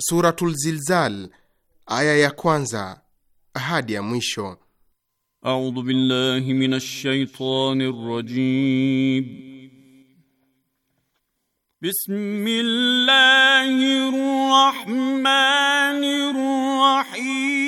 Suratul Zilzal aya ya kwanza hadi ya mwisho. A'udhu billahi minash shaitani rajim. Bismillahir rahmanir rahim.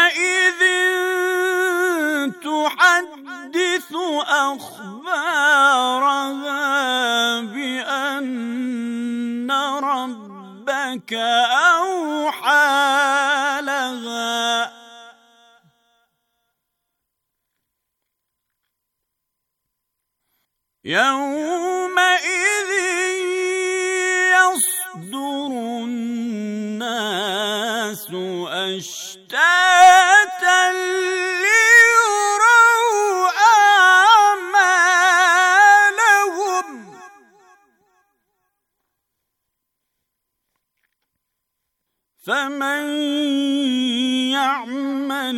أخبارها بأن ربك أوحى لها يومئذ يصدر الناس أشتاق فمن يعمل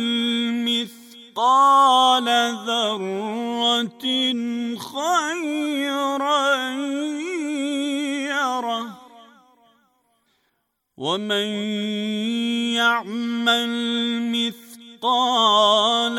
مثقال ذره خيرا يره ومن يعمل مثقال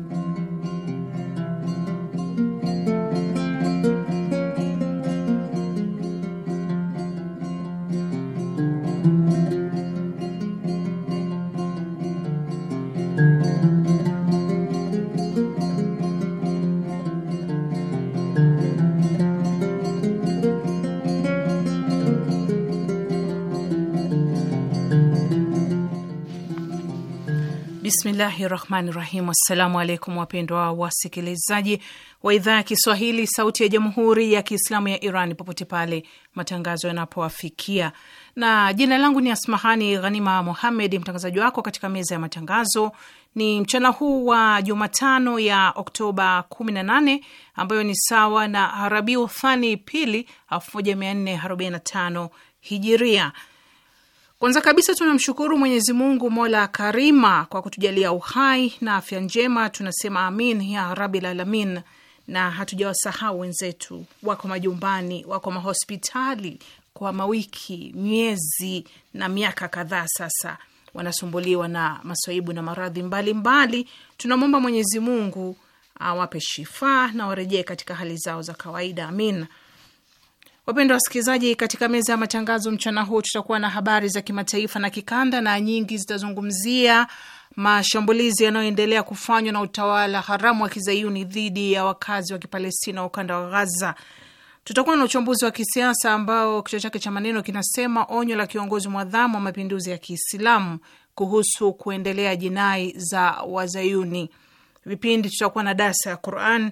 Bismillahi rahmani rahim. Assalamu alaikum wapendwa wasikilizaji wa idhaa ya Kiswahili sauti ya jamhuri ya Kiislamu ya Iran popote pale matangazo yanapowafikia, na jina langu ni Asmahani Ghanima muhammed mtangazaji wako katika meza ya matangazo. Ni mchana huu wa Jumatano ya Oktoba 18 ambayo ni sawa na Rabiu Thani pili 1445 hijiria kwanza kabisa tunamshukuru Mwenyezi Mungu mola karima kwa kutujalia uhai na afya njema, tunasema amin ya rabil alamin. Na hatujawasahau wenzetu, wako majumbani, wako mahospitali kwa mawiki, miezi na miaka kadhaa sasa, wanasumbuliwa na masaibu na maradhi mbalimbali. Tunamwomba Mwenyezi Mungu awape shifaa na warejee katika hali zao za kawaida, amin. Wapendwa wasikilizaji, katika meza ya matangazo mchana huu tutakuwa na habari za kimataifa na kikanda, na nyingi zitazungumzia mashambulizi yanayoendelea kufanywa na utawala haramu wa kizayuni dhidi ya wakazi wa Kipalestina wa ukanda wa Gaza. Tutakuwa na uchambuzi wa kisiasa ambao kichwa chake cha maneno kinasema onyo la kiongozi mwadhamu wa mapinduzi ya Kiislamu kuhusu kuendelea jinai za Wazayuni. Vipindi tutakuwa na darsa ya Quran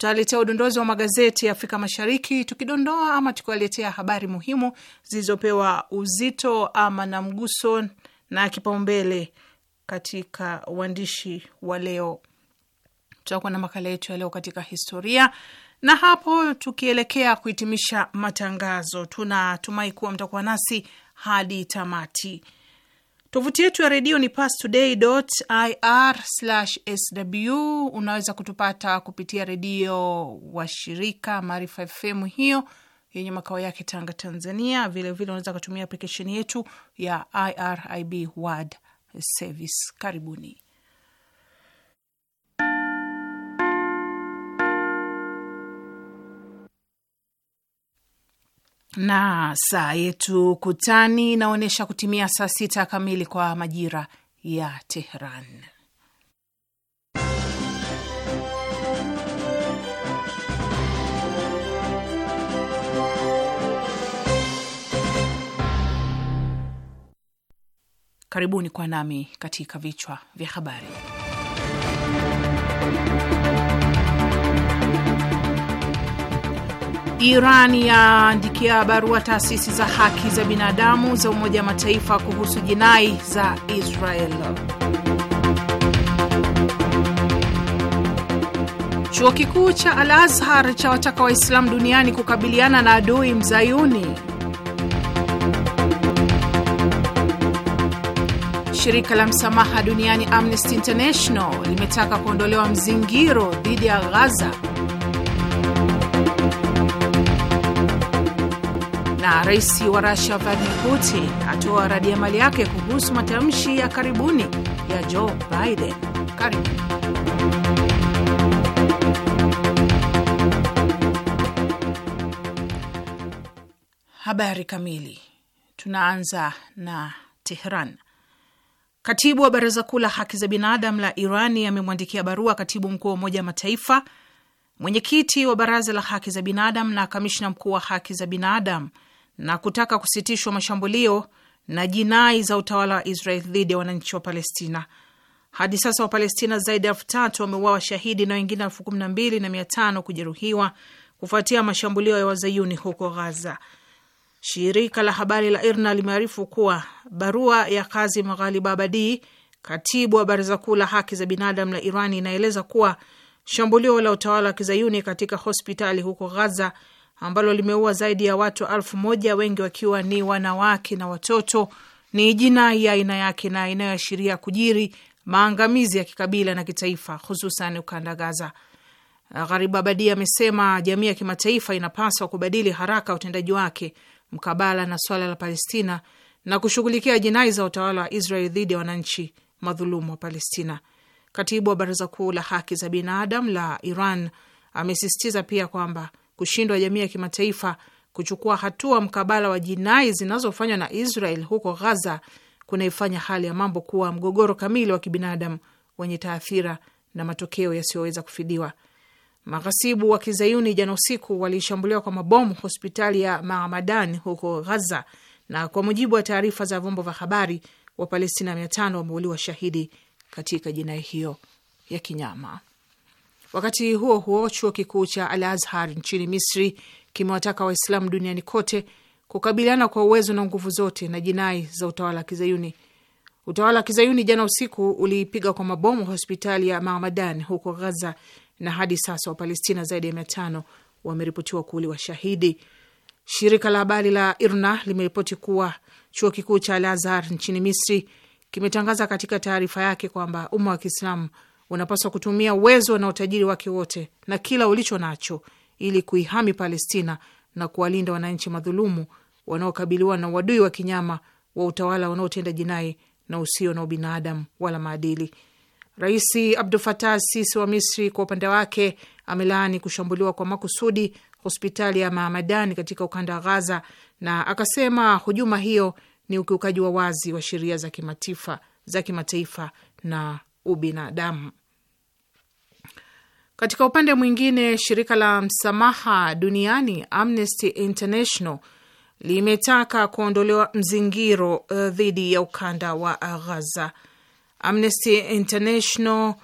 tutaletea udondozi wa magazeti ya Afrika Mashariki, tukidondoa ama tukiwaletea habari muhimu zilizopewa uzito ama na mguso na kipaumbele katika uandishi wa leo. Tutakuwa na makala yetu ya leo katika historia, na hapo tukielekea kuhitimisha matangazo, tunatumai kuwa mtakuwa nasi hadi tamati. Tovuti yetu ya redio ni pastoday.ir/sw. Unaweza kutupata kupitia redio wa shirika Maarifa FM hiyo yenye makao yake Tanga, Tanzania. Vilevile unaweza kutumia aplikesheni yetu ya IRIB World Service. Karibuni. na saa yetu kutani inaonyesha kutimia saa sita kamili kwa majira ya Tehran. Karibuni kwa nami katika vichwa vya habari. Iran yaandikia barua taasisi za haki za binadamu za Umoja wa Mataifa kuhusu jinai za Israel. Chuo kikuu cha Al-Azhar cha wataka Waislamu duniani kukabiliana na adui mzayuni. Shirika la msamaha duniani Amnesty International limetaka kuondolewa mzingiro dhidi ya Gaza na rais wa Russia Vladimir Putin atoa radi ya mali yake kuhusu matamshi ya karibuni ya Joe Biden. Karibu habari kamili. Tunaanza na Tehran. Katibu wa baraza kuu la haki za binadamu la Irani amemwandikia barua katibu mkuu wa Umoja wa Mataifa, mwenyekiti wa baraza la haki za binadamu na kamishna mkuu wa haki za binadamu na kutaka kusitishwa mashambulio na jinai za utawala wa Israel dhidi ya wananchi wa Palestina. Hadi sasa Wapalestina zaidi ya elfu tatu wameuawa shahidi na wengine elfu kumi na mbili na mia tano kujeruhiwa kufuatia mashambulio ya wazayuni huko Ghaza. Shirika la habari la IRNA limearifu kuwa barua ya Kazim Ghalibabadi, katibu wa baraza kuu la haki za binadamu la Irani, inaeleza kuwa shambulio la utawala wa kizayuni katika hospitali huko Ghaza ambalo limeua zaidi ya watu elfu moja wengi wakiwa ni wanawake na watoto, ni jinai ya aina yake na inayoashiria kujiri maangamizi ya kikabila na kitaifa, hususan ukanda Gaza. Gharib Abadi amesema jamii ya kimataifa inapaswa kubadili haraka utendaji wake mkabala na swala la Palestina na kushughulikia jinai za utawala wa Israel dhidi ya wananchi madhulumu wa Palestina. Katibu wa Baraza Kuu la Haki za Binadamu la Iran amesisitiza pia kwamba kushindwa jamii ya kimataifa kuchukua hatua mkabala wa jinai zinazofanywa na Israel huko Ghaza kunaifanya hali ya mambo kuwa mgogoro kamili wa kibinadamu wenye taathira na matokeo yasiyoweza kufidiwa. Maghasibu wa kizayuni jana usiku walishambuliwa kwa mabomu hospitali ya Maamadan huko Ghaza, na kwa mujibu wa taarifa za vyombo vya habari, Wapalestina mia tano wameuliwa shahidi katika jinai hiyo ya kinyama. Wakati huo huo, chuo kikuu cha Al Azhar nchini Misri kimewataka Waislamu duniani kote kukabiliana kwa uwezo na nguvu zote na jinai za utawala wa Kizayuni. Utawala wa Kizayuni jana usiku uliipiga kwa mabomu hospitali ya Mahamadan huko Ghaza, na hadi sasa Wapalestina zaidi ya mia tano wameripotiwa kuuliwa shahidi. Shirika la habari la IRNA limeripoti kuwa chuo kikuu cha Al Azhar nchini Misri kimetangaza katika taarifa yake kwamba umma wa Kiislamu unapaswa kutumia uwezo na utajiri wake wote na kila ulicho nacho ili kuihami Palestina na kuwalinda wananchi madhulumu wanaokabiliwa na uadui wa kinyama wa utawala unaotenda jinai na usio na ubinadamu wala maadili. Rais Abdul Fatah Sisi wa Misri kwa upande wake amelaani kushambuliwa kwa makusudi hospitali ya Mahamadani katika ukanda wa Ghaza na akasema hujuma hiyo ni ukiukaji wa wazi wa sheria za kimataifa na ubinadamu. Katika upande mwingine, shirika la msamaha duniani Amnesty International limetaka kuondolewa mzingiro uh, dhidi ya ukanda wa Ghaza. Amnesty International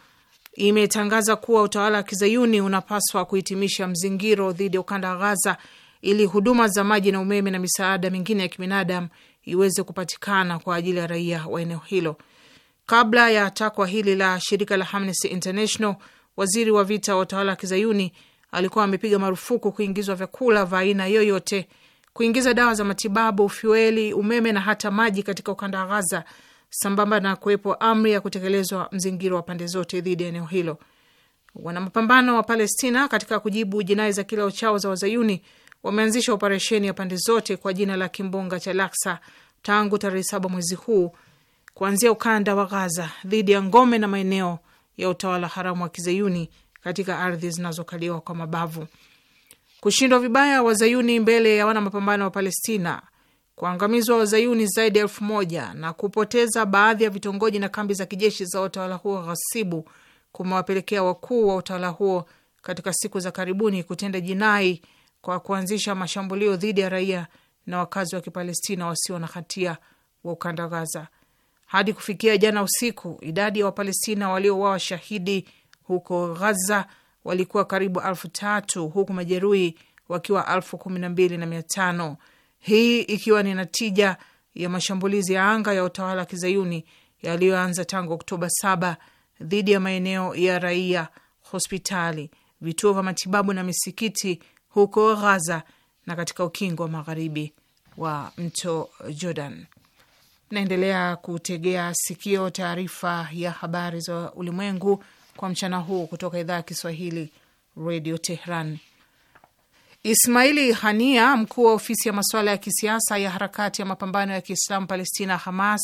imetangaza kuwa utawala wa kizayuni unapaswa kuhitimisha mzingiro dhidi ya ukanda wa Ghaza ili huduma za maji na umeme na misaada mingine ya kibinadamu iweze kupatikana kwa ajili ya raia wa eneo hilo. Kabla ya takwa hili la shirika la Amnesty International, waziri wa vita wa utawala wa kizayuni alikuwa amepiga marufuku kuingizwa vyakula vya aina yoyote, kuingiza dawa za matibabu, fueli, umeme na hata maji katika ukanda wa Ghaza, sambamba na kuwepo amri ya kutekelezwa mzingiro wa pande zote dhidi ya eneo hilo. Wanamapambano wa Palestina, katika kujibu jinai za kilao chao za wazayuni, wameanzisha operesheni ya pande zote kwa jina la kimbunga cha Laksa tangu tarehe saba mwezi huu kuanzia ukanda wa Ghaza dhidi ya ngome na maeneo ya utawala haramu wa kizayuni katika ardhi zinazokaliwa kwa mabavu, kushindwa vibaya wazayuni mbele ya wana mapambano wa Palestina, kuangamizwa wazayuni zaidi ya elfu moja na kupoteza baadhi ya vitongoji na kambi za kijeshi za utawala huo ghasibu kumewapelekea wakuu wa utawala huo katika siku za karibuni kutenda jinai kwa kuanzisha mashambulio dhidi ya raia na wakazi wa Kipalestina wasio na hatia wa ukanda Gaza. Hadi kufikia jana usiku, idadi ya Wapalestina waliouawa shahidi huko Ghaza walikuwa karibu alfu tatu huku majeruhi wakiwa alfu kumi na mbili na mia tano hii ikiwa ni natija ya mashambulizi ya anga ya utawala wa kizayuni yaliyoanza tangu Oktoba saba dhidi ya maeneo ya raia, hospitali, vituo vya matibabu na misikiti huko Ghaza na katika ukingo wa magharibi wa mto Jordan. Naendelea kutegea sikio taarifa ya habari za ulimwengu kwa mchana huu kutoka idhaa ya Kiswahili Radio Tehran. Ismaili Hania, mkuu wa ofisi ya masuala ya kisiasa ya harakati ya mapambano ya Kiislamu Palestina, Hamas,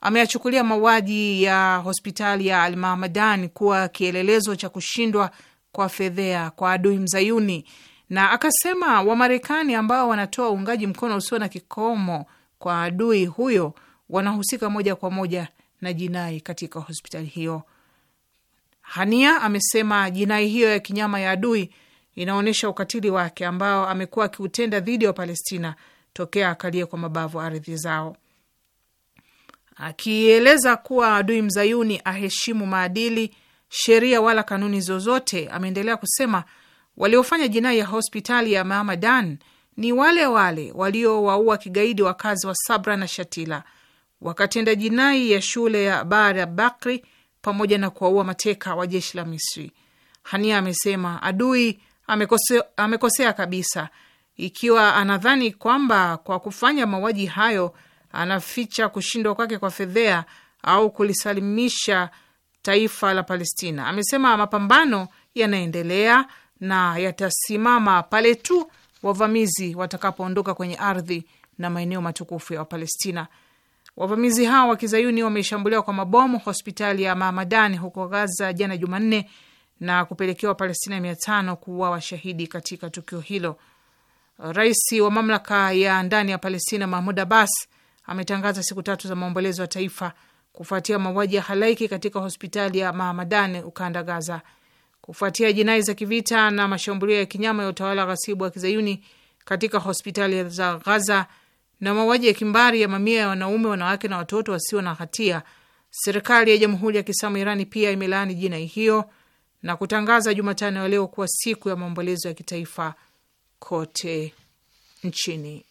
ameyachukulia mauaji ya hospitali ya Almahmadan kuwa kielelezo cha kushindwa kwa fedhea kwa adui mzayuni, na akasema Wamarekani ambao wanatoa uungaji mkono usio na kikomo kwa adui huyo wanahusika moja kwa moja na jinai katika hospitali hiyo. Hania amesema jinai hiyo ya kinyama ya adui inaonyesha ukatili wake ambao amekuwa akiutenda dhidi ya Wapalestina tokea akalie kwa mabavu ardhi zao, akieleza kuwa adui mzayuni aheshimu maadili, sheria wala kanuni zozote. Ameendelea kusema waliofanya jinai ya hospitali ya Mamadan ni wale wale waliowaua kigaidi wakazi wa Sabra na Shatila, wakatenda jinai ya shule ya bahar ya Bakri pamoja na kuwaua mateka wa jeshi la Misri. Hania amesema adui amekose, amekosea kabisa ikiwa anadhani kwamba kwa kufanya mauaji hayo anaficha kushindwa kwake kwa fedhea au kulisalimisha taifa la Palestina. Amesema mapambano yanaendelea na yatasimama pale tu wavamizi watakapoondoka kwenye ardhi na maeneo matukufu ya Wapalestina. Wavamizi hao wa kizayuni wameshambuliwa kwa mabomu hospitali ya Mahamadan huko Gaza jana Jumanne na kupelekea Wapalestina mia tano kuwa washahidi katika tukio hilo. Rais wa mamlaka ya ndani ya Palestina Mahmud Abbas ametangaza siku tatu za maombolezo ya taifa kufuatia mauaji ya halaiki katika hospitali ya Mahamadan ukanda Gaza kufuatia jinai za kivita na mashambulio ya kinyama ya utawala ghasibu wa kizayuni katika hospitali za Ghaza na mauaji ya kimbari ya mamia ya wanaume, wanawake na watoto wasio na hatia, serikali ya Jamhuri ya Kiislamu Irani pia imelaani jinai hiyo na kutangaza Jumatano ya leo kuwa siku ya maombolezo ya kitaifa kote nchini.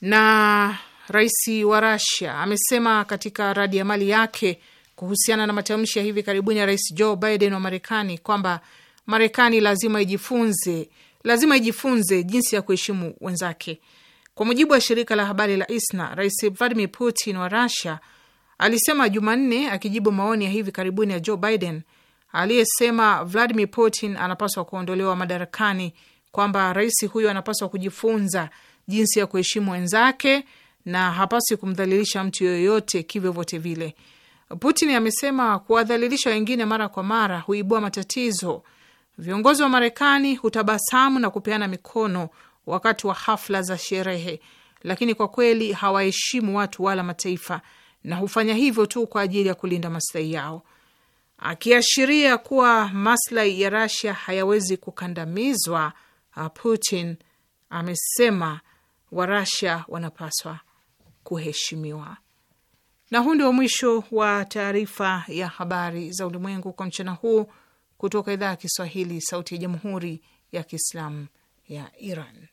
Na rais wa Rasia amesema katika radi ya mali yake kuhusiana na matamshi ya hivi karibuni ya Rais Joe Biden wa Marekani kwamba Marekani lazima ijifunze, lazima ijifunze jinsi ya kuheshimu wenzake. Kwa mujibu wa shirika la habari la ISNA, Rais Vladimir Putin wa Russia alisema Jumanne akijibu maoni ya hivi karibuni ya Joe Biden aliyesema Vladimir Putin anapaswa kuondolewa madarakani, kwamba rais huyo anapaswa kujifunza jinsi ya kuheshimu wenzake na hapaswi kumdhalilisha mtu yoyote kivyovyote vile. Putin amesema kuwadhalilisha wengine mara kwa mara huibua matatizo. Viongozi wa Marekani hutabasamu na kupeana mikono wakati wa hafla za sherehe, lakini kwa kweli hawaheshimu watu wala mataifa na hufanya hivyo tu kwa ajili ya kulinda maslahi yao, akiashiria kuwa maslahi ya Rasia hayawezi kukandamizwa. Uh, Putin amesema Warasia wanapaswa kuheshimiwa. Na huu ndio mwisho wa taarifa ya habari za ulimwengu kwa mchana huu kutoka idhaa ya Kiswahili, Sauti ya Jamhuri ya Kiislamu ya Iran.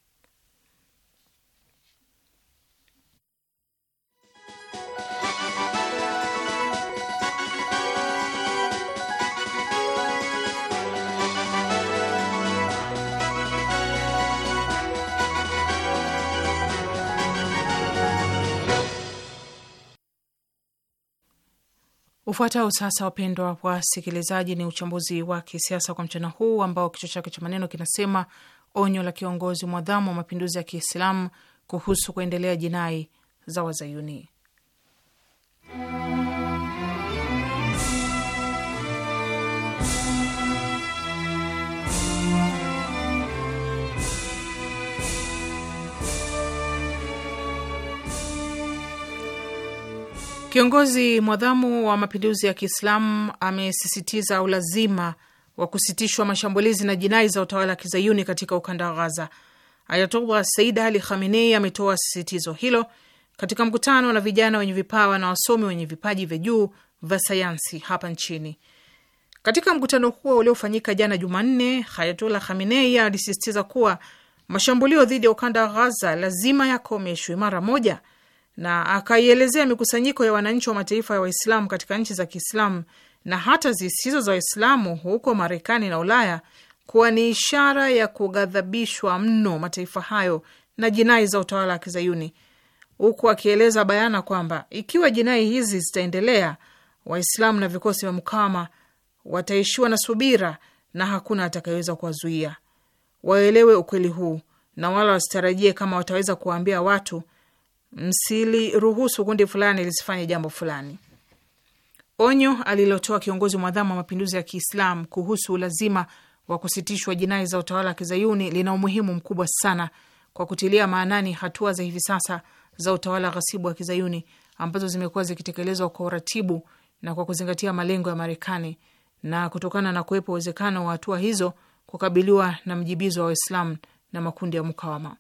Ufuatao sasa, wapendwa wasikilizaji, ni uchambuzi wa kisiasa kwa mchana huu ambao kichwa chake cha maneno kinasema onyo la kiongozi mwadhamu wa mapinduzi ya Kiislamu kuhusu kuendelea jinai za Wazayuni. Kiongozi mwadhamu wa mapinduzi ya Kiislamu amesisitiza ulazima wa kusitishwa mashambulizi na jinai za utawala wa kizayuni katika ukanda wa Ghaza. Ayatollah Said Ali Khamenei ametoa sisitizo hilo katika mkutano na vijana wenye vipawa na wasomi wenye vipaji vya juu vya sayansi hapa nchini. Katika mkutano huo uliofanyika jana Jumanne, Ayatollah Khamenei alisisitiza kuwa mashambulio dhidi ya ukanda wa Ghaza lazima yakomeshwe mara moja na akaielezea mikusanyiko ya wananchi wa mataifa ya Waislamu katika nchi za Kiislamu na hata zisizo za Waislamu huko Marekani na Ulaya kuwa ni ishara ya kughadhabishwa mno mataifa hayo na jinai za utawala wa Kizayuni, huku akieleza bayana kwamba ikiwa jinai hizi zitaendelea, Waislamu na vikosi vya mkama wataishiwa na subira na hakuna atakayeweza kuwazuia. Waelewe ukweli huu na wala wasitarajie kama wataweza kuwaambia watu msiliruhusu kundi fulani lisifanye jambo fulani. Onyo alilotoa kiongozi mwadhamu wa mapinduzi ya Kiislamu kuhusu ulazima wa kusitishwa jinai za utawala wa kizayuni lina umuhimu mkubwa sana kwa kutilia maanani hatua za hivi sasa za utawala ghasibu wa kizayuni ambazo zimekuwa zikitekelezwa kwa uratibu na kwa kuzingatia malengo ya Marekani, na kutokana na kuwepo uwezekano wa hatua hizo kukabiliwa na mjibizo wa Waislamu na makundi ya mukawama.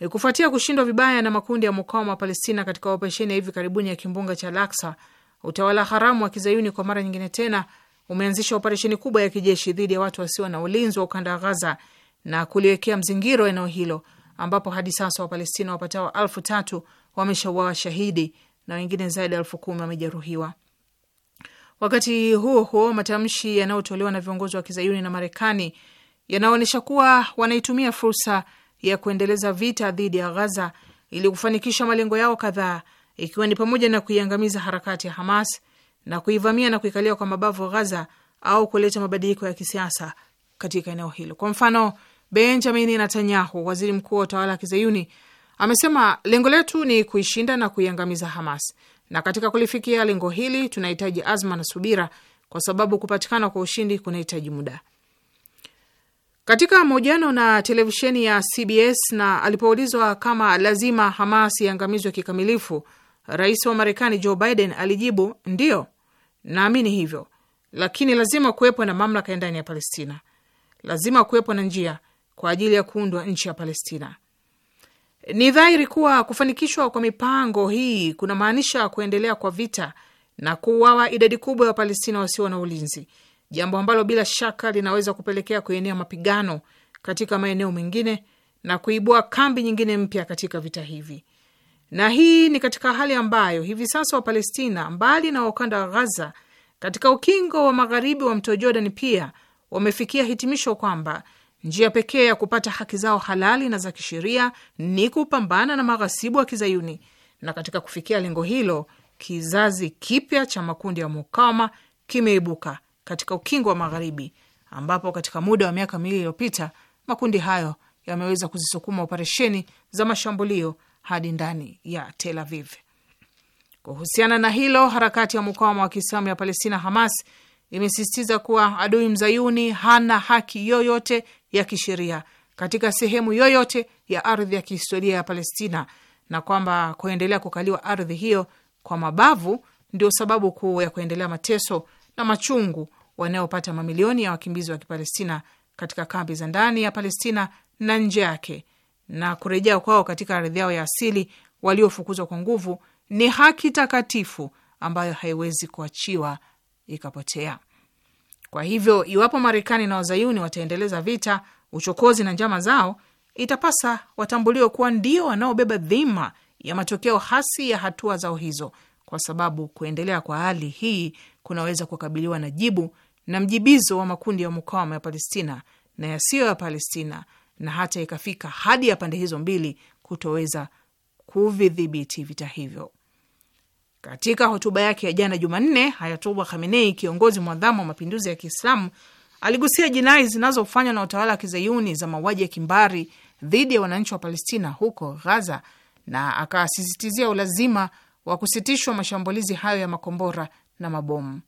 Eh, kufuatia kushindwa vibaya na makundi ya mukawama wa Palestina katika operesheni ya hivi karibuni ya kimbunga cha Laksa, utawala haramu wa kizayuni kwa mara nyingine tena umeanzisha operesheni kubwa ya kijeshi dhidi ya watu wasio na ulinzi wa ukanda wa Ghaza na kuliwekea mzingiro eneo hilo ambapo hadi sasa Wapalestina wapatao elfu tatu wameshauawa shahidi na wengine zaidi ya elfu kumi wamejeruhiwa. Wakati huo huo, matamshi yanayotolewa na viongozi wa kizayuni na Marekani yanaonyesha kuwa wanaitumia fursa ya kuendeleza vita dhidi ya Ghaza ili kufanikisha malengo yao kadhaa, ikiwa ni pamoja na kuiangamiza harakati ya Hamas na kuivamia na kuikalia kwa mabavu Ghaza au kuleta mabadiliko ya kisiasa katika eneo hilo. Kwa mfano, Benjamin Netanyahu, waziri mkuu wa utawala wa Kizayuni, amesema lengo letu ni kuishinda na kuiangamiza Hamas, na katika kulifikia lengo hili tunahitaji azma na subira, kwa sababu kupatikana kwa ushindi kunahitaji muda katika mahojiano na televisheni ya CBS na alipoulizwa kama lazima Hamas iangamizwe kikamilifu, rais wa Marekani Joe Biden alijibu ndiyo, naamini hivyo, lakini lazima kuwepo na mamlaka ya ndani ya Palestina, lazima kuwepo na njia kwa ajili ya kuundwa nchi ya Palestina. Ni dhahiri kuwa kufanikishwa kwa mipango hii kunamaanisha kuendelea kwa vita na kuuawa idadi kubwa ya Wapalestina wasio na ulinzi jambo ambalo bila shaka linaweza kupelekea kuenea mapigano katika maeneo mengine na kuibua kambi nyingine mpya katika vita hivi. Na hii ni katika hali ambayo hivi sasa Wapalestina, mbali na ukanda wa Ghaza, katika ukingo wa magharibi wa mto Jordan pia wamefikia hitimisho kwamba njia pekee ya kupata haki zao halali na za kisheria ni kupambana na maghasibu wa Kizayuni, na katika kufikia lengo hilo kizazi kipya cha makundi ya mukawama kimeibuka katika ukingo wa Magharibi, ambapo katika muda wa miaka miwili iliyopita makundi hayo yameweza kuzisukuma operesheni za mashambulio hadi ndani ya Tel Aviv. Kuhusiana na hilo, harakati ya mukawama wa Kiislamu ya Palestina, Hamas, imesisitiza kuwa adui mzayuni hana haki yoyote ya kisheria katika sehemu yoyote ya ardhi ya kihistoria ya Palestina na kwamba kuendelea kukaliwa ardhi hiyo kwa mabavu ndio sababu kuu ya kuendelea mateso na machungu wanaopata mamilioni ya wakimbizi wa Kipalestina katika kambi za ndani ya Palestina na nje yake, na kurejea kwao katika ardhi yao ya asili waliofukuzwa kwa nguvu ni haki takatifu ambayo haiwezi kuachiwa ikapotea. Kwa hivyo, iwapo Marekani na wazayuni wataendeleza vita, uchokozi na njama zao, itapasa watambuliwe kuwa ndio wanaobeba dhima ya matokeo hasi ya hatua zao hizo, kwa sababu kuendelea kwa hali hii kunaweza kukabiliwa na jibu na mjibizo wa makundi ya mukawama ya Palestina na yasiyo ya Palestina, na hata ikafika hadi ya pande hizo mbili kutoweza kuvidhibiti vita hivyo. Katika hotuba yake ya jana Jumanne, Hayatullah Khamenei, kiongozi mwadhamu wa mapinduzi ya Kiislamu, aligusia jinai zinazofanywa na utawala wa kizayuni za mauaji ya kimbari dhidi ya wananchi wa Palestina huko Ghaza, na akasisitizia ulazima wa kusitishwa mashambulizi hayo ya makombora na mabomu.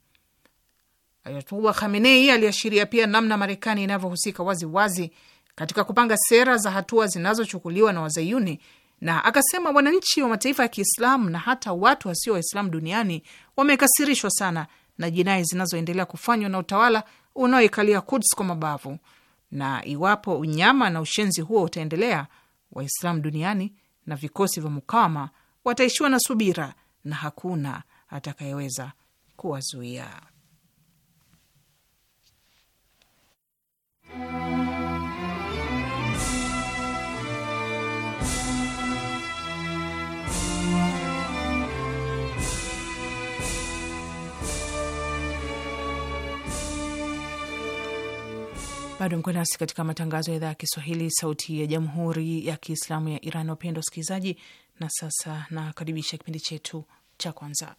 Ayatullah Khamenei aliashiria pia namna Marekani inavyohusika waziwazi katika kupanga sera za hatua zinazochukuliwa na Wazayuni, na akasema wananchi wa mataifa ya Kiislamu na hata watu wasio Waislamu duniani wamekasirishwa sana na jinai zinazoendelea kufanywa na utawala unaoikalia Kuds kwa mabavu, na iwapo unyama na ushenzi huo utaendelea, Waislamu duniani na vikosi vya mukawama wataishiwa na subira na hakuna atakayeweza kuwazuia. Bado mko nasi katika matangazo ya idhaa ya Kiswahili, sauti ya jamhuri ya kiislamu ya Iran. Wapendwa wasikilizaji, na sasa nakaribisha kipindi chetu cha kwanza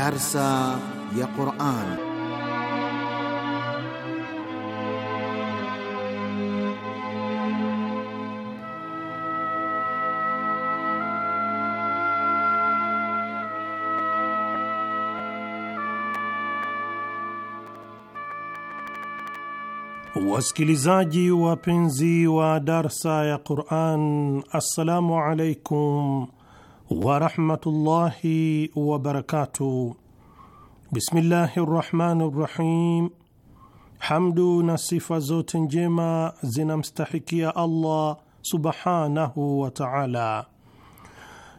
درس يا قرآن Wasikilizaji wapenzi wa darsa ya Quran, assalamu alaikum warahmatullahi wabarakatuh. Bismillahi rahmani rahim. Hamdu na sifa zote njema zinamstahikia Allah subhanahu wa taala,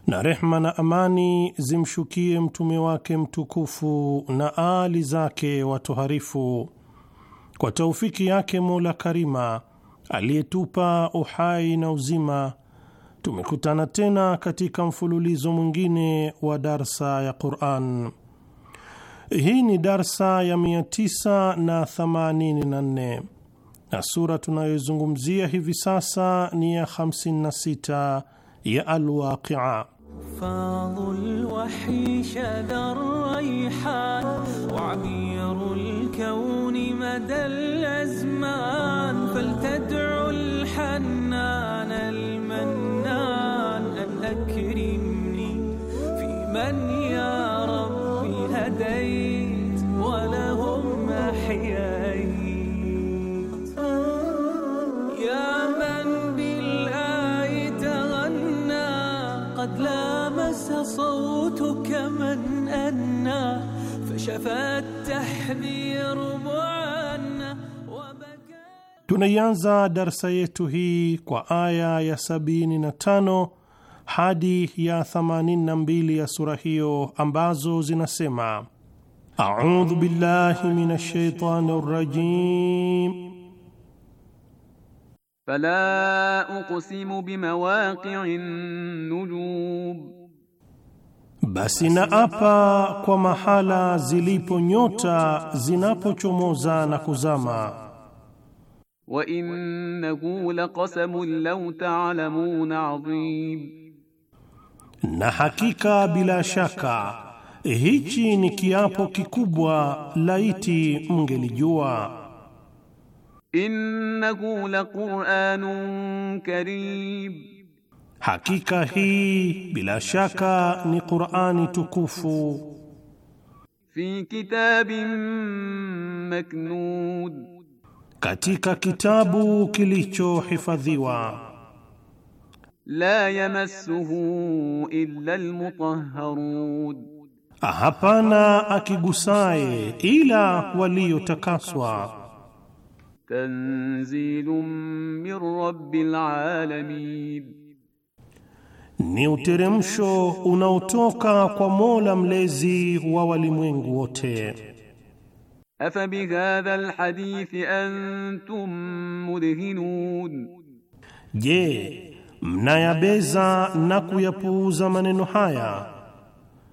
na rehma na amani zimshukie mtume wake mtukufu na aali zake watoharifu. Kwa taufiki yake Mola Karima aliyetupa uhai na uzima Tumekutana tena katika mfululizo mwingine wa darsa ya Quran. Hii ni darsa ya 984 na, na sura tunayozungumzia hivi sasa ni ya 56 ya Alwaqia. من يا ربي هديت ولهم أحييت يا من بالآي تغنى قد لامس صوتك من أنى فشفى التحذير معنا وبكى Tunaanza darsa yetu hii kwa aya ya sabini na tano hadi ya 82 ya sura hiyo ambazo zinasema: audhu billahi minash shaitani rajim fala uqsimu bimawaqi'in nujum, basi na apa kwa mahala zilipo nyota zinapochomoza na kuzama. Wa innahu laqasamun law ta'lamun adhim na hakika bila shaka hichi ni kiapo kikubwa, laiti mngelijua. Innahu laqur'anun karim, hakika hii bila shaka ni Qur'ani tukufu. Fi kitabin maknud, katika kitabu kilichohifadhiwa la yamassuhu illa almutahharun, hapana akigusaye ila waliotakaswa. Tanzilun min rabbil alamin, ni uteremsho unaotoka kwa Mola mlezi wa walimwengu wote. Afa bihadha alhadithi antum mudhinun, je mnayabeza na kuyapuuza maneno haya.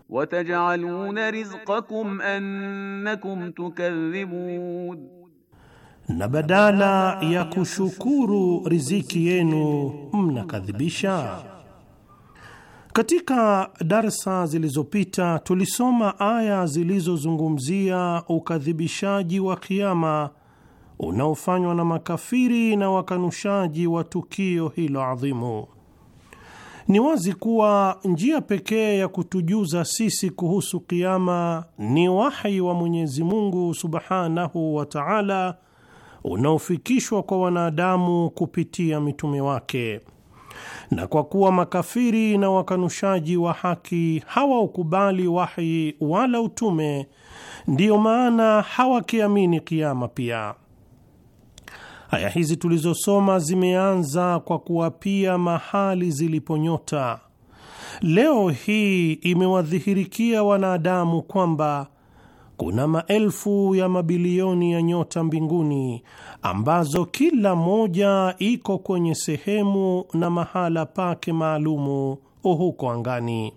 Watajaluna rizqakum annakum tukadhibun, na badala ya kushukuru riziki yenu mnakadhibisha. Katika darsa zilizopita tulisoma aya zilizozungumzia ukadhibishaji wa Kiama unaofanywa na makafiri na wakanushaji wa tukio hilo adhimu. Ni wazi kuwa njia pekee ya kutujuza sisi kuhusu kiama ni wahi wa Mwenyezi Mungu subhanahu wa taala unaofikishwa kwa wanadamu kupitia mitume wake, na kwa kuwa makafiri na wakanushaji wa haki hawaukubali wahi wala utume, ndiyo maana hawakiamini kiama pia. Aya hizi tulizosoma zimeanza kwa kuwapia mahali ziliponyota. Leo hii imewadhihirikia wanadamu kwamba kuna maelfu ya mabilioni ya nyota mbinguni ambazo kila moja iko kwenye sehemu na mahala pake maalumu huko angani.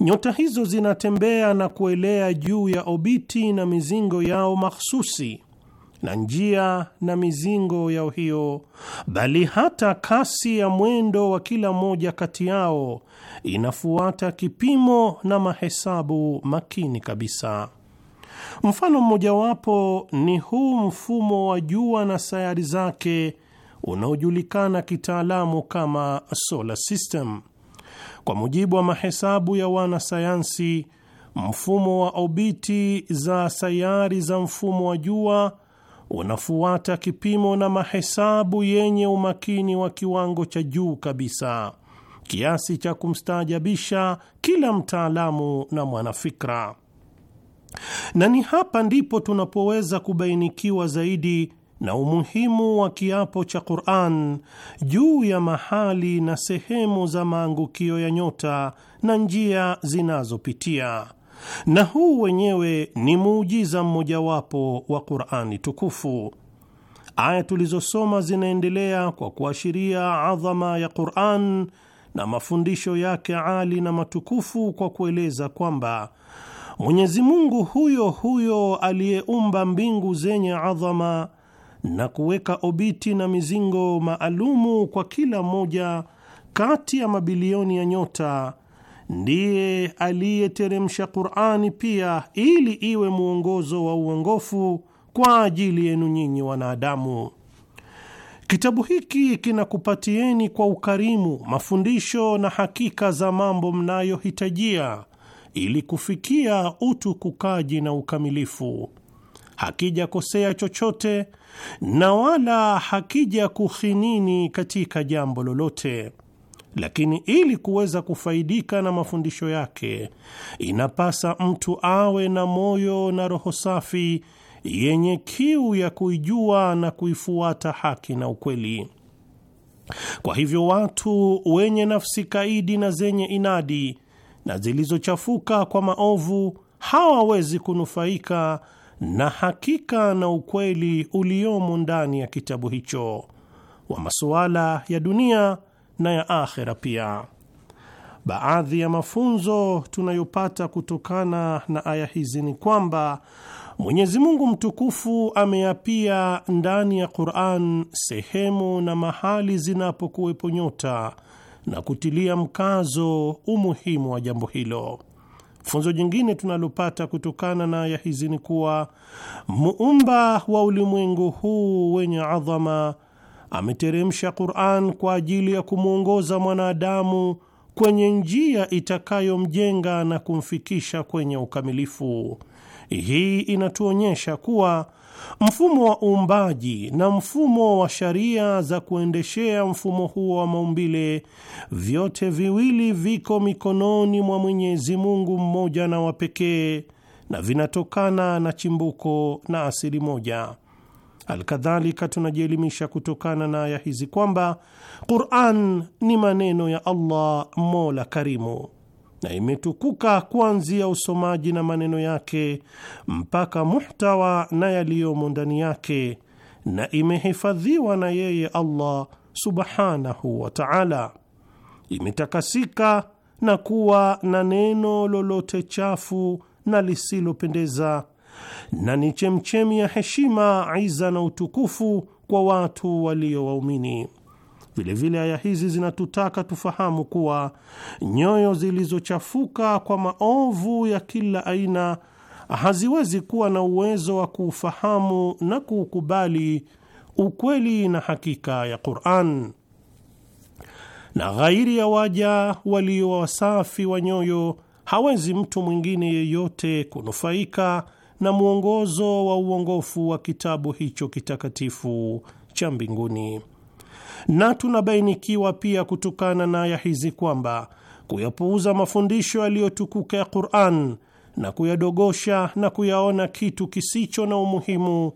Nyota hizo zinatembea na kuelea juu ya obiti na mizingo yao mahsusi na njia na mizingo yao hiyo, bali hata kasi ya mwendo wa kila mmoja kati yao inafuata kipimo na mahesabu makini kabisa. Mfano mmojawapo ni huu mfumo wa jua na sayari zake unaojulikana kitaalamu kama solar system. Kwa mujibu wa mahesabu ya wanasayansi, mfumo wa obiti za sayari za mfumo wa jua unafuata kipimo na mahesabu yenye umakini wa kiwango cha juu kabisa kiasi cha kumstaajabisha kila mtaalamu na mwanafikra, na ni hapa ndipo tunapoweza kubainikiwa zaidi na umuhimu wa kiapo cha Qur'an juu ya mahali na sehemu za maangukio ya nyota na njia zinazopitia na huu wenyewe ni muujiza mmojawapo wa Qur'ani tukufu. Aya tulizosoma zinaendelea kwa kuashiria adhama ya Qur'an na mafundisho yake ali na matukufu kwa kueleza kwamba Mwenyezi Mungu huyo huyo aliyeumba mbingu zenye adhama na kuweka obiti na mizingo maalumu kwa kila moja kati ya mabilioni ya nyota ndiye aliyeteremsha Qur'ani pia ili iwe mwongozo wa uongofu kwa ajili yenu nyinyi wanadamu. Kitabu hiki kinakupatieni kwa ukarimu mafundisho na hakika za mambo mnayohitajia ili kufikia utukukaji na ukamilifu. Hakijakosea chochote na wala hakija kuhinini katika jambo lolote lakini ili kuweza kufaidika na mafundisho yake inapasa mtu awe na moyo na roho safi yenye kiu ya kuijua na kuifuata haki na ukweli. Kwa hivyo watu wenye nafsi kaidi na zenye inadi na zilizochafuka kwa maovu hawawezi kunufaika na hakika na ukweli uliomo ndani ya kitabu hicho wa masuala ya dunia na ya akhera pia. Baadhi ya mafunzo tunayopata kutokana na aya hizi ni kwamba Mwenyezi Mungu mtukufu ameyapia ndani ya Qur'an sehemu na mahali zinapokuwepo nyota na kutilia mkazo umuhimu wa jambo hilo. Funzo jingine tunalopata kutokana na aya hizi ni kuwa muumba wa ulimwengu huu wenye adhama ameteremsha Qur'an kwa ajili ya kumwongoza mwanadamu kwenye njia itakayomjenga na kumfikisha kwenye ukamilifu. Hii inatuonyesha kuwa mfumo wa uumbaji na mfumo wa sharia za kuendeshea mfumo huo wa maumbile, vyote viwili viko mikononi mwa Mwenyezi Mungu mmoja na wa pekee, na vinatokana na chimbuko na asili moja. Alkadhalika, tunajielimisha kutokana na aya hizi kwamba Quran ni maneno ya Allah mola karimu, na imetukuka kuanzia usomaji na maneno yake mpaka muhtawa na yaliyomo ndani yake, na imehifadhiwa na yeye Allah subhanahu wa ta'ala, imetakasika na kuwa na neno lolote chafu na lisilopendeza na ni chemchemi ya heshima, iza na utukufu kwa watu walio waumini. Vilevile aya hizi zinatutaka tufahamu kuwa nyoyo zilizochafuka kwa maovu ya kila aina haziwezi kuwa na uwezo wa kuufahamu na kuukubali ukweli na hakika ya Qur'an, na ghairi ya waja walio wasafi wa nyoyo hawezi mtu mwingine yeyote kunufaika na mwongozo wa uongofu wa kitabu hicho kitakatifu cha mbinguni. Na tunabainikiwa pia kutokana na aya hizi kwamba kuyapuuza mafundisho yaliyotukuka ya Qur'an na kuyadogosha na kuyaona kitu kisicho na umuhimu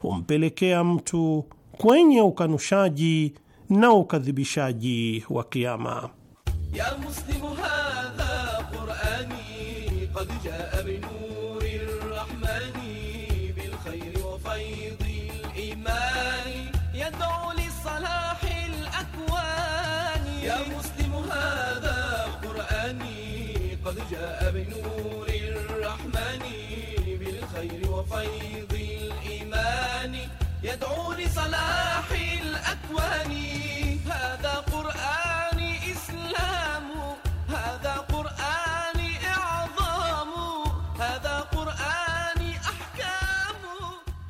humpelekea mtu kwenye ukanushaji na ukadhibishaji wa kiama ya قرآني هذا قرآني إسلام هذا قرآني إعظام هذا قرآني أحكام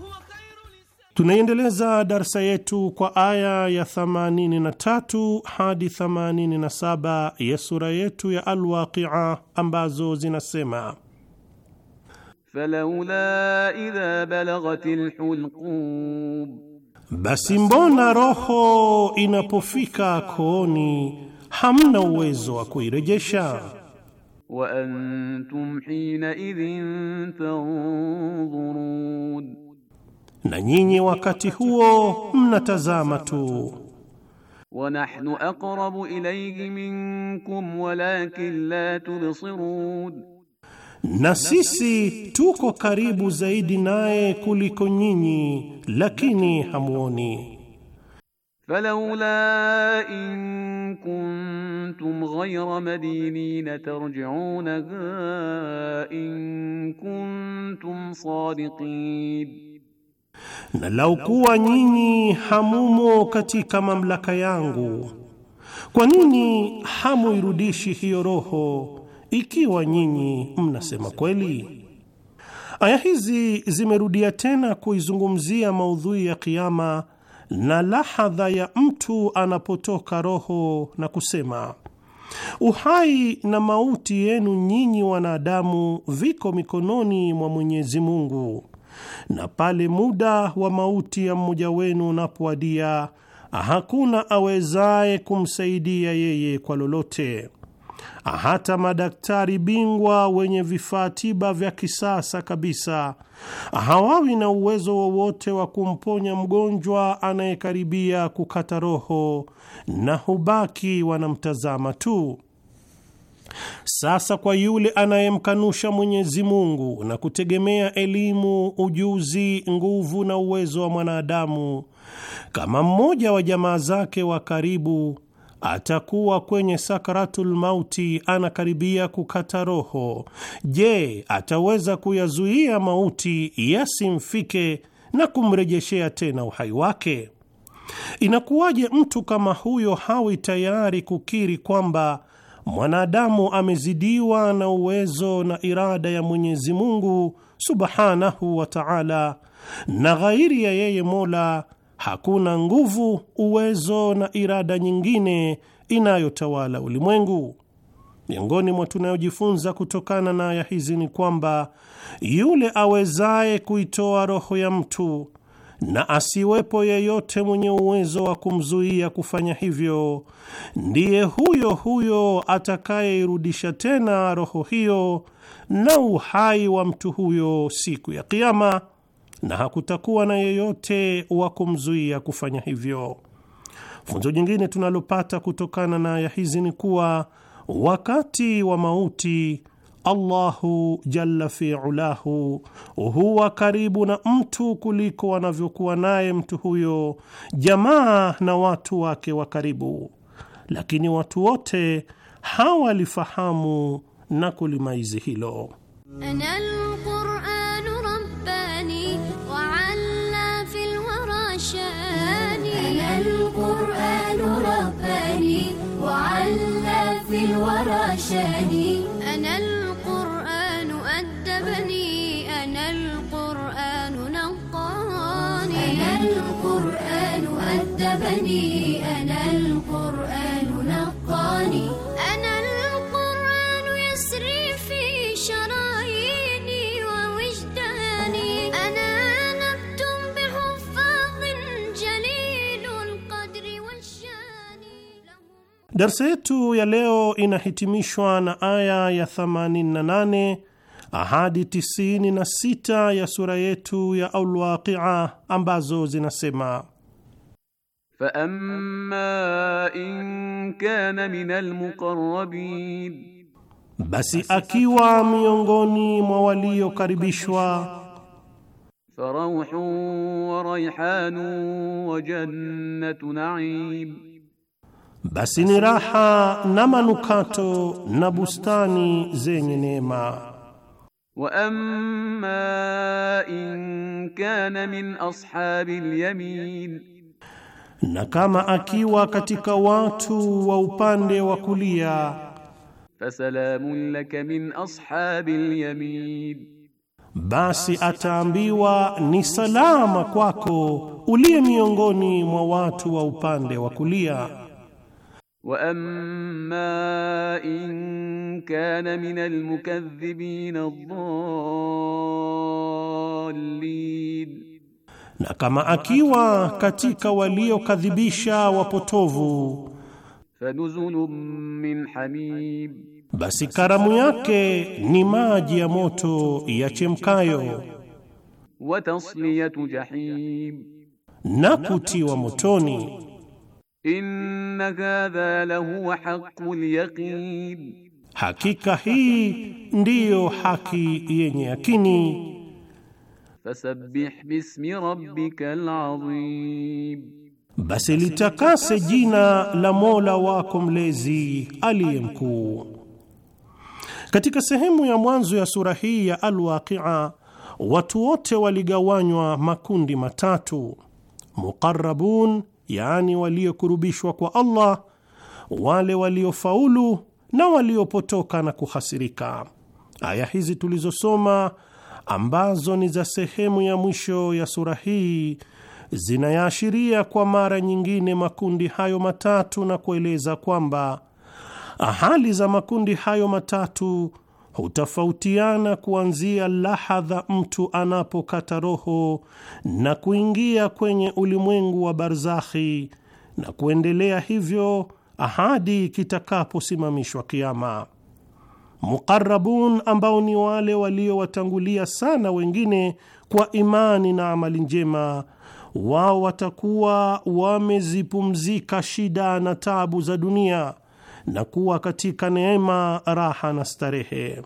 هو خير Tunaiendeleza darsa yetu kwa aya ya 83 hadi 87 ya sura yetu ya Al-Waqi'a ambazo zinasema فلولا إذا بلغت الحلقوم Basi mbona roho inapofika kooni hamna uwezo wa kuirejesha? Wa antum hina idhin tanzurun, na nyinyi wakati huo mnatazama tu. Wa nahnu aqrabu ilayhi minkum walakin la tubsirun na sisi tuko karibu zaidi naye kuliko nyinyi, lakini hamuoni. Falawla in kuntum ghayra madinin tarji'unaha in kuntum sadiqin, na lau kuwa nyinyi hamumo katika mamlaka yangu, kwa nini hamuirudishi hiyo roho ikiwa nyinyi mnasema kweli. Aya hizi zimerudia tena kuizungumzia maudhui ya kiama na lahadha ya mtu anapotoka roho na kusema, uhai na mauti yenu nyinyi wanadamu viko mikononi mwa Mwenyezi Mungu, na pale muda wa mauti ya mmoja wenu unapoadia hakuna awezaye kumsaidia yeye kwa lolote hata madaktari bingwa wenye vifaa tiba vya kisasa kabisa hawawi na uwezo wowote wa kumponya mgonjwa anayekaribia kukata roho na hubaki wanamtazama tu. Sasa kwa yule anayemkanusha Mwenyezi Mungu na kutegemea elimu, ujuzi, nguvu na uwezo wa mwanadamu, kama mmoja wa jamaa zake wa karibu atakuwa kwenye sakaratul mauti, anakaribia kukata roho. Je, ataweza kuyazuia mauti yasimfike na kumrejeshea tena uhai wake? Inakuwaje mtu kama huyo hawi tayari kukiri kwamba mwanadamu amezidiwa na uwezo na irada ya Mwenyezi Mungu subhanahu wa taala, na ghairi ya yeye Mola hakuna nguvu, uwezo na irada nyingine inayotawala ulimwengu. Miongoni mwa tunayojifunza kutokana na aya hizi ni kwamba yule awezaye kuitoa roho ya mtu na asiwepo yeyote mwenye uwezo wa kumzuia kufanya hivyo, ndiye huyo huyo atakayeirudisha tena roho hiyo na uhai wa mtu huyo siku ya Kiama, na hakutakuwa na yeyote wa kumzuia kufanya hivyo. Funzo jingine tunalopata kutokana na aya hizi ni kuwa wakati wa mauti Allahu jalla fiulahu huwa karibu na mtu kuliko wanavyokuwa naye mtu huyo jamaa na watu wake wa karibu, lakini watu wote hawalifahamu na kulimaizi hilo Anal على شاني أنا القرآن أدبني أنا القرآن نقاني أنا القرآن أدبني أنا القرآن Darsa yetu ya leo inahitimishwa na aya ya 88 ahadi 96 ya sura yetu ya Alwaqia ambazo zinasema in kana basi akiwa miongoni mwa waliokaribishwa wa wa jannatu naim basi ni raha na manukato na bustani zenye neema. Wa amma in kana min ashabil yamin, na kama akiwa katika watu wa upande wa kulia. Fasalamun laka min ashabil yamin, basi ataambiwa ni salama kwako uliye miongoni mwa watu wa upande wa kulia wa amma in kana min almukaththibin ad na kama akiwa katika waliokadhibisha wapotovu. Fanuzulun min hamim, basi karamu yake ni maji ya moto yachemkayo. Wa tasliyatu jahim, na kutiwa motoni inna hadha haqqu al yaqin, hakika hii ndiyo haki yenye yakini. Fasabbih bismi al azim, basi litakase jina la Mola wako mlezi aliye mkuu. Katika sehemu ya mwanzo ya sura hii ya Al-Waqi'a watu wote waligawanywa makundi matatu: muqarrabun yaani waliokurubishwa kwa Allah, wale waliofaulu na waliopotoka na kuhasirika. Aya hizi tulizosoma ambazo ni za sehemu ya mwisho ya sura hii zinayaashiria kwa mara nyingine makundi hayo matatu na kueleza kwamba hali za makundi hayo matatu hutofautiana kuanzia lahadha mtu anapokata roho na kuingia kwenye ulimwengu wa barzakhi na kuendelea hivyo ahadi kitakaposimamishwa kiama. Muqarrabun ambao ni wale waliowatangulia sana wengine kwa imani na amali njema, wao watakuwa wamezipumzika shida na tabu za dunia na kuwa katika neema, raha na starehe.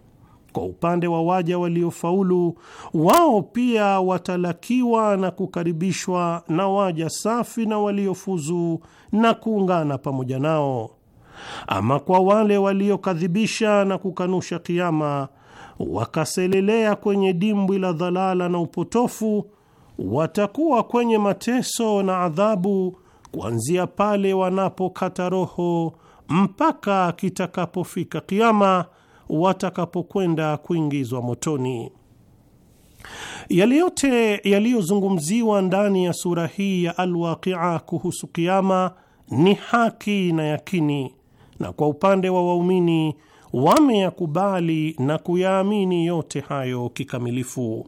Kwa upande wa waja waliofaulu, wao pia watalakiwa na kukaribishwa na waja safi na waliofuzu na kuungana pamoja nao. Ama kwa wale waliokadhibisha na kukanusha kiama, wakaselelea kwenye dimbwi la dhalala na upotofu, watakuwa kwenye mateso na adhabu kuanzia pale wanapokata roho mpaka kitakapofika kiama watakapokwenda kuingizwa motoni. Yale yote yaliyozungumziwa ndani ya sura hii ya Alwaqia kuhusu kiama ni haki na yakini, na kwa upande wa waumini wameyakubali na kuyaamini yote hayo kikamilifu.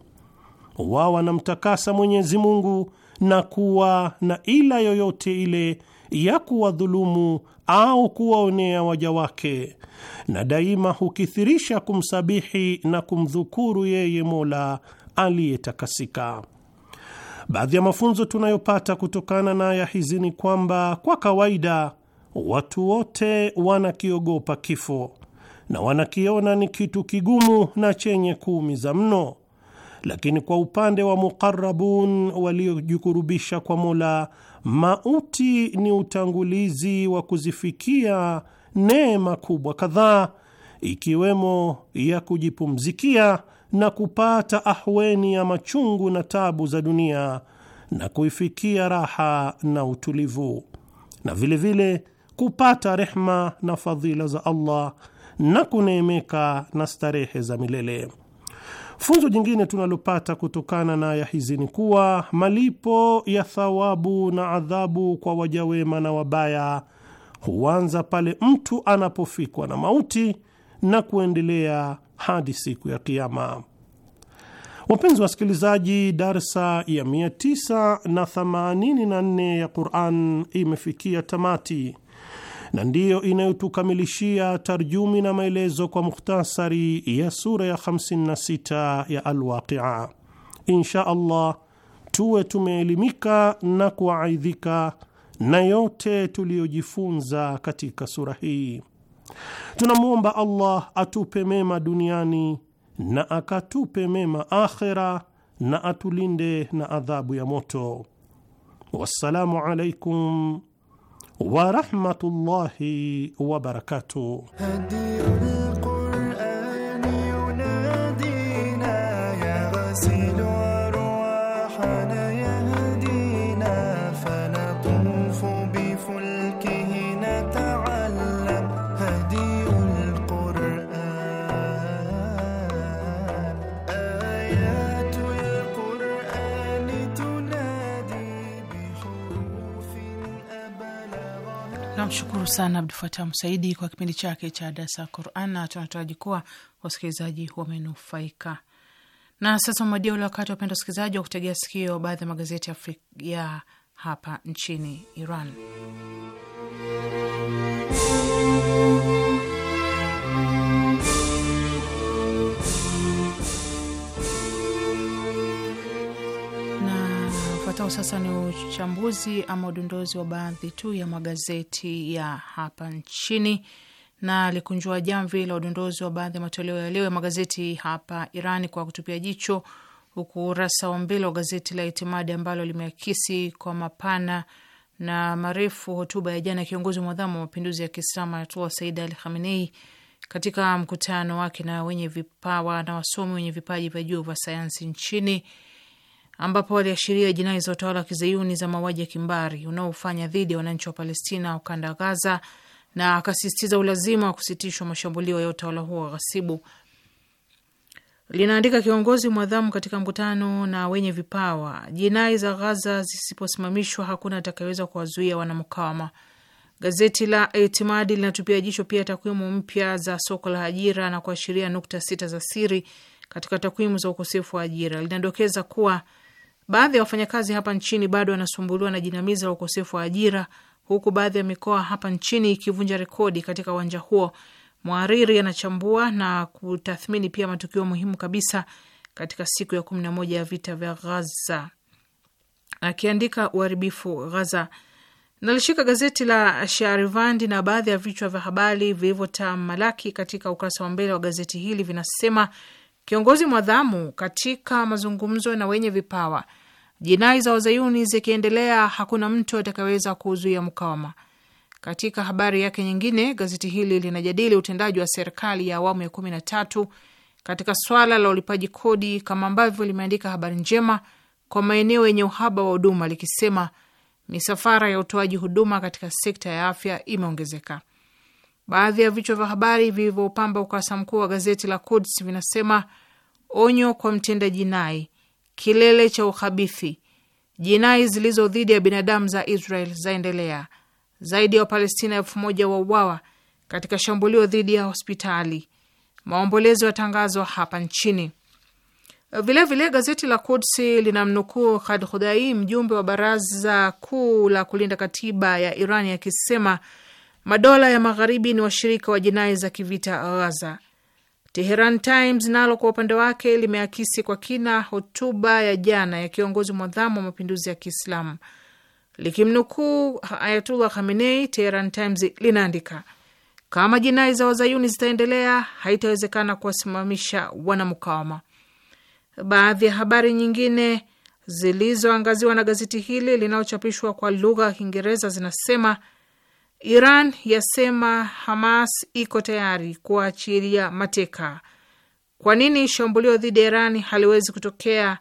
Wao wanamtakasa Mwenyezi Mungu na kuwa na ila yoyote ile ya kuwadhulumu au kuwaonea waja wake, na daima hukithirisha kumsabihi na kumdhukuru yeye Mola aliyetakasika. Baadhi ya mafunzo tunayopata kutokana na aya hizi ni kwamba kwa kawaida watu wote wanakiogopa kifo na wanakiona ni kitu kigumu na chenye kuumiza mno, lakini kwa upande wa muqarabun waliojikurubisha kwa Mola Mauti ni utangulizi wa kuzifikia neema kubwa kadhaa, ikiwemo ya kujipumzikia na kupata ahweni ya machungu na tabu za dunia na kuifikia raha na utulivu, na vilevile vile kupata rehma na fadhila za Allah na kuneemeka na starehe za milele. Funzo jingine tunalopata kutokana na aya hizi ni kuwa malipo ya thawabu na adhabu kwa wajawema na wabaya huanza pale mtu anapofikwa na mauti na kuendelea hadi siku ya Kiama. Wapenzi wasikilizaji, darsa ya 984 ya Quran imefikia tamati na ndiyo inayotukamilishia tarjumi na maelezo kwa mukhtasari ya sura ya 56 ya Alwaqia. Insha Allah tuwe tumeelimika na kuaidhika na yote tuliyojifunza katika sura hii. Tunamwomba Allah atupe mema duniani na akatupe mema akhera na atulinde na adhabu ya moto. Wassalamu alaikum ورحمة الله وبركاته Namshukuru sana abdu fatah msaidi kwa kipindi chake cha dasa Quran, na tunataraji kuwa wasikilizaji wamenufaika. Na sasa umewadia ule wakati, wapenda wasikilizaji, wa kutegea sikio baadhi ya magazeti Afrika ya hapa nchini Iran. Ufuatao sasa ni uchambuzi ama udondozi wa baadhi tu ya magazeti ya hapa nchini, na likunjua jamvi la udondozi wa baadhi ya matoleo ya leo ya magazeti hapa Iran kwa kutupia jicho ukurasa wa mbele wa gazeti la Itimadi ambalo limeakisi kwa mapana na marefu hotuba ya jana ya kiongozi mwadhamu wa mapinduzi ya Kiislamu Ayatullah Said Ali Khamenei katika mkutano wake na wenye vipawa na wasomi wenye vipaji vya juu vya sayansi nchini ambapo waliashiria jinai za utawala wa kizayuni za mauaji ya kimbari unaofanya dhidi ya wananchi wa Palestina ukanda wa Gaza, na akasisitiza ulazima wa kusitishwa mashambulio ya utawala huo wa ghasibu. Linaandika kiongozi mwadhamu katika mkutano na wenye vipawa, jinai za Ghaza zisiposimamishwa hakuna atakayeweza kuwazuia wanamkawama. Gazeti la Itimadi linatupia jicho pia takwimu mpya za soko la ajira na kuashiria nukta sita za siri katika takwimu za ukosefu wa ajira. Linadokeza kuwa Baadhi ya wafanyakazi hapa nchini bado wanasumbuliwa na jinamizi la ukosefu wa ajira, huku baadhi ya mikoa hapa nchini ikivunja rekodi katika uwanja huo. Mwariri anachambua na kutathmini pia matukio muhimu kabisa katika siku ya kumi na moja ya vita vya Ghaza, akiandika uharibifu Ghaza. Nalishika gazeti la Sharivandi na baadhi ya vichwa vya habari vilivyotamalaki katika ukurasa wa mbele wa gazeti hili vinasema: kiongozi mwadhamu katika mazungumzo na wenye vipawa. Jinai za wazayuni zikiendelea, hakuna mtu atakayeweza kuzuia mkawama. Katika habari yake nyingine, gazeti hili linajadili utendaji wa serikali ya awamu ya kumi na tatu katika swala la ulipaji kodi, kama ambavyo limeandika habari njema kwa maeneo yenye uhaba wa huduma likisema, misafara ya utoaji huduma katika sekta ya afya imeongezeka. Baadhi ya vichwa vya habari vilivyopamba ukurasa mkuu wa gazeti la Quds vinasema: onyo kwa mtenda jinai, kilele cha uhabithi, jinai zilizo dhidi ya binadamu za Israel zaendelea, zaidi ya Wapalestina elfu moja wauawa katika shambulio dhidi ya hospitali, maombolezo yatangazwa hapa nchini. Vilevile vile gazeti la Kudsi linamnukuu Khadhudai, mjumbe wa baraza kuu la kulinda katiba ya iran akisema Madola ya magharibi ni washirika wa jinai za kivita Ghaza. Teheran Times nalo kwa upande wake limeakisi kwa kina hotuba ya jana ya kiongozi mwadhamu wa mapinduzi ya Kiislamu likimnukuu Ayatullah Khamenei. Teheran Times linaandika kama jinai za wazayuni zitaendelea, haitawezekana kuwasimamisha wanamukawama. Baadhi ya habari nyingine zilizoangaziwa na gazeti hili linalochapishwa kwa lugha ya Kiingereza zinasema Iran yasema Hamas iko tayari kuachilia mateka. Kwa nini shambulio dhidi ya Iran haliwezi kutokea?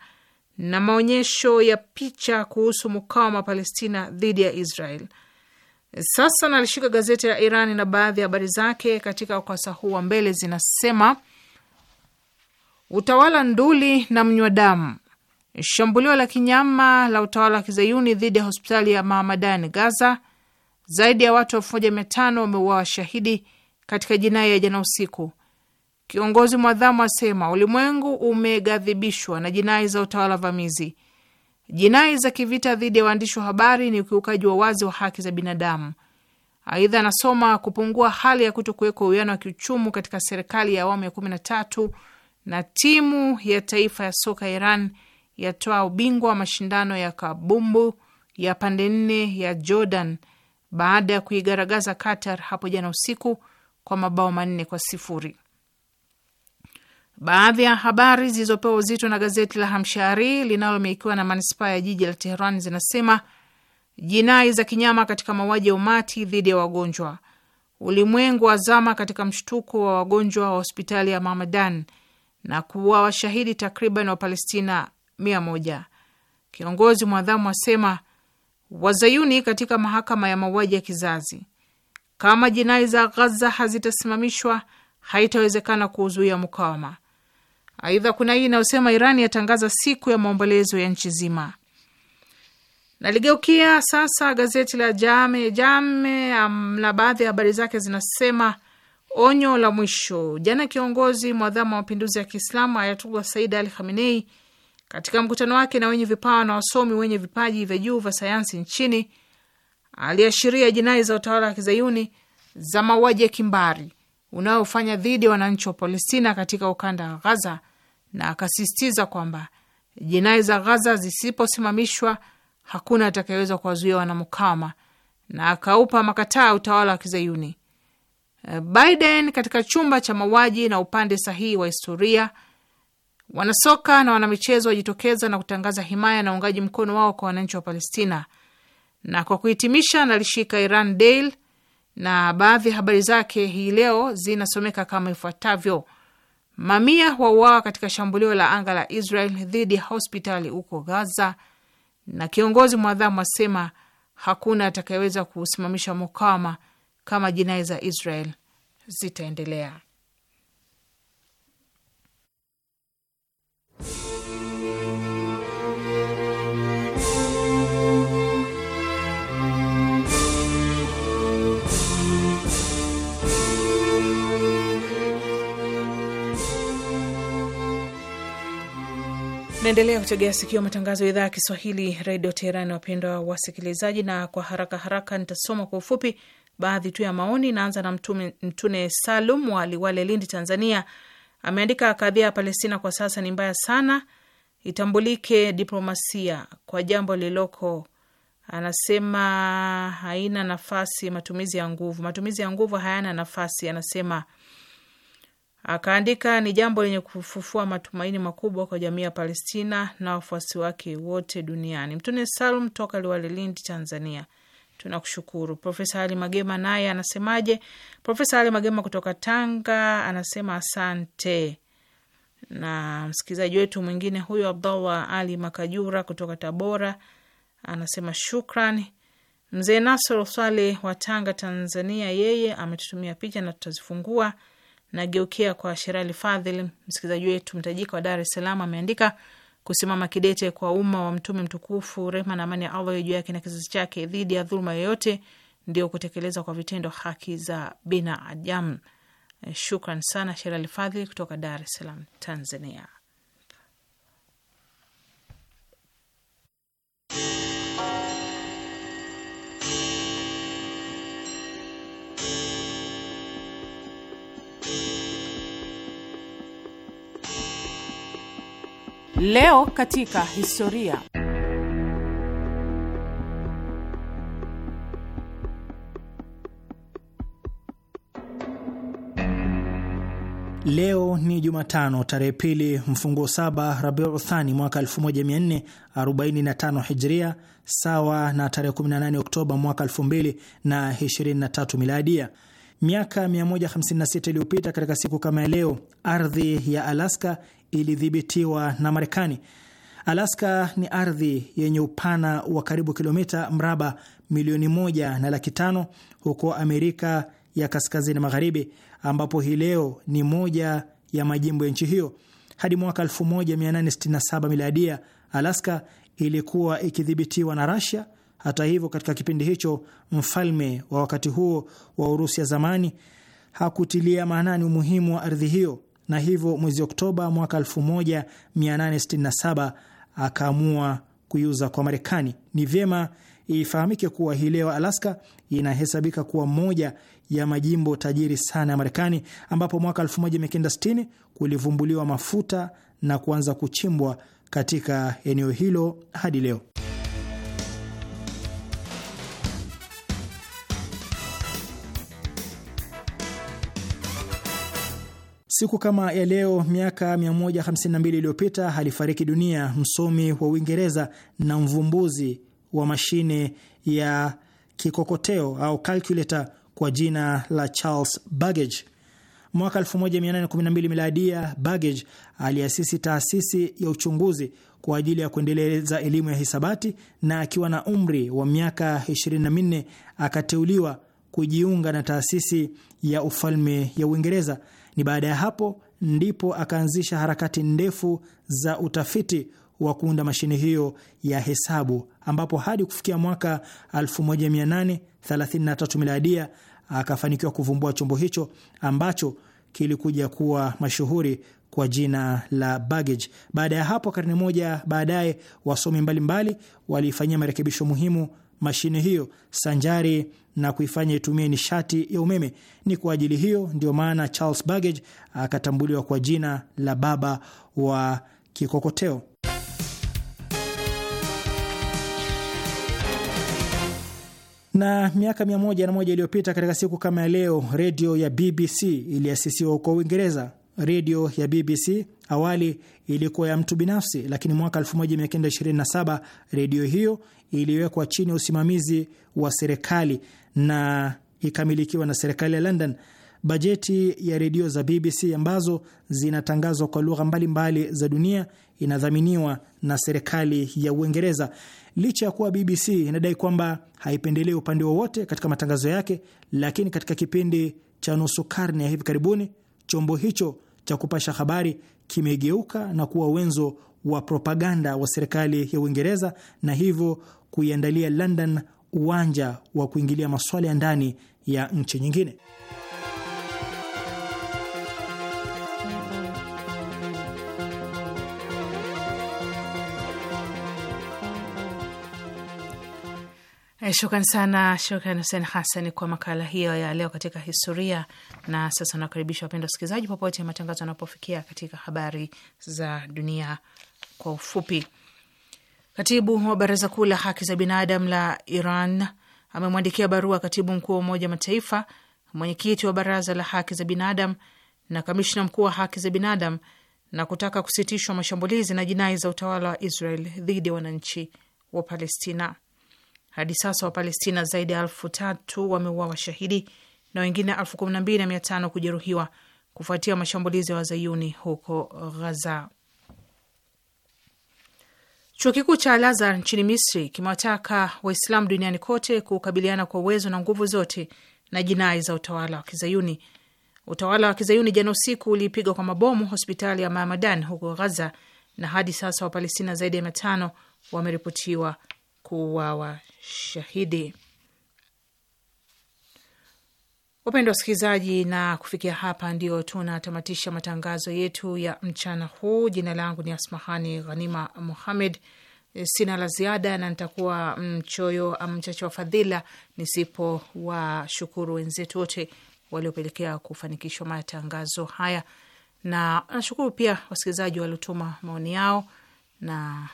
Na maonyesho ya picha kuhusu mukawama wa Palestina dhidi ya Israel. Sasa nalishika gazeti la Iran na baadhi ya habari zake katika ukurasa huu wa mbele zinasema: utawala nduli na mnywa damu. Shambulio la kinyama la utawala wa kizayuni dhidi ya hospitali ya mahamadani Gaza. Zaidi ya watu elfu moja mia tano wameuawa shahidi katika jinai ya jana usiku. Kiongozi mwadhamu asema ulimwengu umeghadhibishwa na jinai za utawala vamizi. Jinai za kivita dhidi ya waandishi wa habari ni ukiukaji wa wazi wa haki za binadamu. Aidha anasoma kupungua hali ya kuto kuwekwa uwiano wa kiuchumu katika serikali ya awamu ya kumi na tatu na timu ya taifa ya soka Iran yatoa ubingwa wa mashindano ya kabumbu ya pande nne ya Jordan baada ya kuigaragaza Qatar hapo jana usiku kwa mabao manne kwa sifuri. Baadhi ya habari zilizopewa uzito na gazeti la Hamshari linalomilikiwa na manispaa ya jiji la Teheran zinasema jinai za kinyama katika mauaji ya umati dhidi ya wagonjwa. Ulimwengu wazama katika mshtuko wa wagonjwa wa hospitali ya Mamadan na kuwa washahidi takriban Wapalestina mia moja. Kiongozi mwadhamu asema Wazayuni katika mahakama ya mauaji ya kizazi. Kama jinai za Ghaza hazitasimamishwa, haitawezekana kuuzuia mukawama. Aidha, kuna hii inayosema Irani yatangaza siku ya maombolezo ya nchi zima. Naligeukia sasa gazeti la Jame Jame na baadhi ya habari zake zinasema onyo la mwisho. Jana kiongozi mwadhama wa mapinduzi ya Kiislamu Ayatullah Said Ali Khamenei katika mkutano wake na wenye vipawa na wasomi wenye vipaji vya juu vya sayansi nchini, aliashiria jinai za utawala wa kizayuni za mauaji ya kimbari unaofanya dhidi ya wananchi wa Palestina katika ukanda wa Ghaza, na akasisitiza kwamba jinai za Ghaza zisiposimamishwa hakuna atakayeweza kuwazuia wanamukawama, na akaupa makataa utawala wa kizayuni. Biden katika chumba cha mauaji na upande sahihi wa historia Wanasoka na wanamichezo wajitokeza na kutangaza himaya na uungaji mkono wao kwa wananchi wa Palestina. Na kwa kuhitimisha, nalishika Iran Daily na baadhi ya habari zake hii leo zinasomeka kama ifuatavyo: mamia wauawa katika shambulio la anga la Israel dhidi ya hospitali huko Gaza, na kiongozi mwadhamu asema hakuna atakayeweza kusimamisha mukawama kama jinai za Israel zitaendelea. Naendelea kutegea sikio matangazo ya idhaa ya Kiswahili redio Teherani, wapendwa wasikilizaji, na kwa haraka haraka nitasoma kwa ufupi baadhi tu ya maoni. Naanza na mtume, Mtune Salum wa Liwale, Lindi, Tanzania, ameandika kadhia ya Palestina kwa sasa ni mbaya sana, itambulike diplomasia kwa jambo liloko Anasema haina nafasi matumizi ya nguvu, matumizi ya nguvu hayana nafasi, anasema Akaandika, ni jambo lenye kufufua matumaini makubwa kwa jamii ya Palestina na wafuasi wake wote duniani. Mtune Salum toka Liwale, Lindi, Tanzania, tunakushukuru. Profesa Ali Magema naye anasemaje? Profesa Ali Magema kutoka Tanga anasema asante. Na msikilizaji wetu mwingine huyo Abdallah Ali Makajura kutoka Tabora anasema shukrani. Mzee Nasoro Swale wa Tanga, Tanzania, yeye ametutumia picha na tutazifungua Nageukia kwa Sherali Fadhili, msikilizaji wetu mtajika wa Dar es Salaam, ameandika kusimama kidete kwa umma wa Mtume mtukufu, rehma na amani ya Allah juu yake na kizazi chake, dhidi ya dhuluma yoyote, ndio kutekeleza kwa vitendo haki za binadamu. Eh, shukran sana Sherali Fadhili kutoka Dar es Salaam, Tanzania. Leo katika historia. Leo ni Jumatano tarehe pili mfunguo saba Rabiu Thani mwaka 1445 Hijria, sawa na tarehe 18 Oktoba mwaka 2023 Miladia. Miaka 156 iliyopita katika siku kama ya leo, ardhi ya Alaska ilidhibitiwa na Marekani. Alaska ni ardhi yenye upana wa karibu kilomita mraba milioni moja na laki tano huko Amerika ya kaskazini magharibi, ambapo hii leo ni moja ya majimbo ya nchi hiyo. Hadi mwaka 1867 miladia, Alaska ilikuwa ikidhibitiwa na rasia Hata hivyo, katika kipindi hicho mfalme wa wakati huo wa Urusi ya zamani hakutilia maanani umuhimu wa ardhi hiyo na hivyo mwezi Oktoba mwaka 1867 akaamua kuiuza kwa Marekani. Ni vyema ifahamike kuwa hii leo Alaska inahesabika kuwa moja ya majimbo tajiri sana ya Marekani, ambapo mwaka 1960 kulivumbuliwa mafuta na kuanza kuchimbwa katika eneo hilo hadi leo. Siku kama ya leo miaka 152 iliyopita alifariki dunia msomi wa Uingereza na mvumbuzi wa mashine ya kikokoteo au calculator kwa jina la Charles Babbage. Mwaka 1812 miladia, Babbage aliasisi taasisi ya uchunguzi kwa ajili ya kuendeleza elimu ya hisabati na akiwa na umri wa miaka 24 akateuliwa kujiunga na taasisi ya ufalme ya Uingereza. Ni baada ya hapo ndipo akaanzisha harakati ndefu za utafiti wa kuunda mashine hiyo ya hesabu, ambapo hadi kufikia mwaka 1833 miladia akafanikiwa kuvumbua chombo hicho ambacho kilikuja kuwa mashuhuri kwa jina la baggage. Baada ya hapo, karne moja baadaye, wasomi mbalimbali walifanyia marekebisho muhimu mashine hiyo sanjari na kuifanya itumie nishati ya umeme. Ni kwa ajili hiyo ndio maana Charles Babbage akatambuliwa kwa jina la baba wa kikokoteo. na miaka mia moja na moja iliyopita katika siku kama ya leo, redio ya BBC iliasisiwa huko Uingereza redio ya BBC awali ilikuwa ya mtu binafsi, lakini mwaka 1927 redio hiyo iliwekwa chini ya usimamizi wa serikali na ikamilikiwa na serikali ya London. Bajeti ya redio za BBC ambazo zinatangazwa kwa lugha mbalimbali za dunia inadhaminiwa na serikali ya Uingereza. Licha ya kuwa BBC inadai kwamba haipendelei upande wowote katika matangazo yake, lakini katika kipindi cha nusu karne ya hivi karibuni chombo hicho cha kupasha habari kimegeuka na kuwa wenzo wa propaganda wa serikali ya Uingereza na hivyo kuiandalia London uwanja wa kuingilia masuala ya ndani ya nchi nyingine. Eh, shukran sana, shukran Hussein Hassan kwa makala hiyo ya leo katika historia. Na sasa nakaribisha wapenda wasikilizaji, popote matangazo yanapofikia, katika habari za dunia kwa ufupi. Katibu wa Baraza Kuu la Haki za Binadamu la Iran amemwandikia barua katibu mkuu wa Umoja Mataifa, mwenyekiti wa Baraza la Haki za Binadamu na kamishna mkuu wa haki za binadamu na kutaka kusitishwa mashambulizi na jinai za utawala wa Israel dhidi ya wananchi wa Palestina. Hadi sasa Wapalestina zaidi ya elfu tatu wameua washahidi na wengine elfu kumi na mbili na mia tano kujeruhiwa kufuatia mashambulizi ya wa wazayuni huko Ghaza. Chuo kikuu cha Al-Azhar nchini Misri kimewataka Waislamu duniani kote kukabiliana kwa uwezo na nguvu zote na jinai za utawala wa Kizayuni. Utawala wa Kizayuni jana usiku uliipiga kwa mabomu hospitali ya Mamadan huko Ghaza, na hadi sasa Wapalestina zaidi ya mia tano wameripotiwa kuuawa shahidi. Wapendwa wasikilizaji, na kufikia hapa ndio tunatamatisha matangazo yetu ya mchana huu. Jina langu ni Asmahani Ghanima Muhamed. Sina la ziada na nitakuwa mchoyo mchache wa fadhila nisipo washukuru wenzetu wote waliopelekea kufanikishwa matangazo haya, na nashukuru pia wasikilizaji waliotuma maoni yao na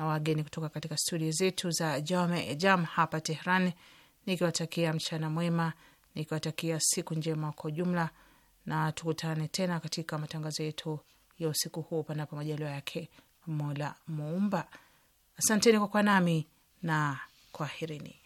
na wageni kutoka katika studio zetu za Jame Jam hapa Tehran, nikiwatakia mchana mwema, nikiwatakia siku njema kwa ujumla, na tukutane tena katika matangazo yetu ya usiku huu, panapo majaliwa yake Mola Muumba. Asanteni kwa kwa nami na kwaherini.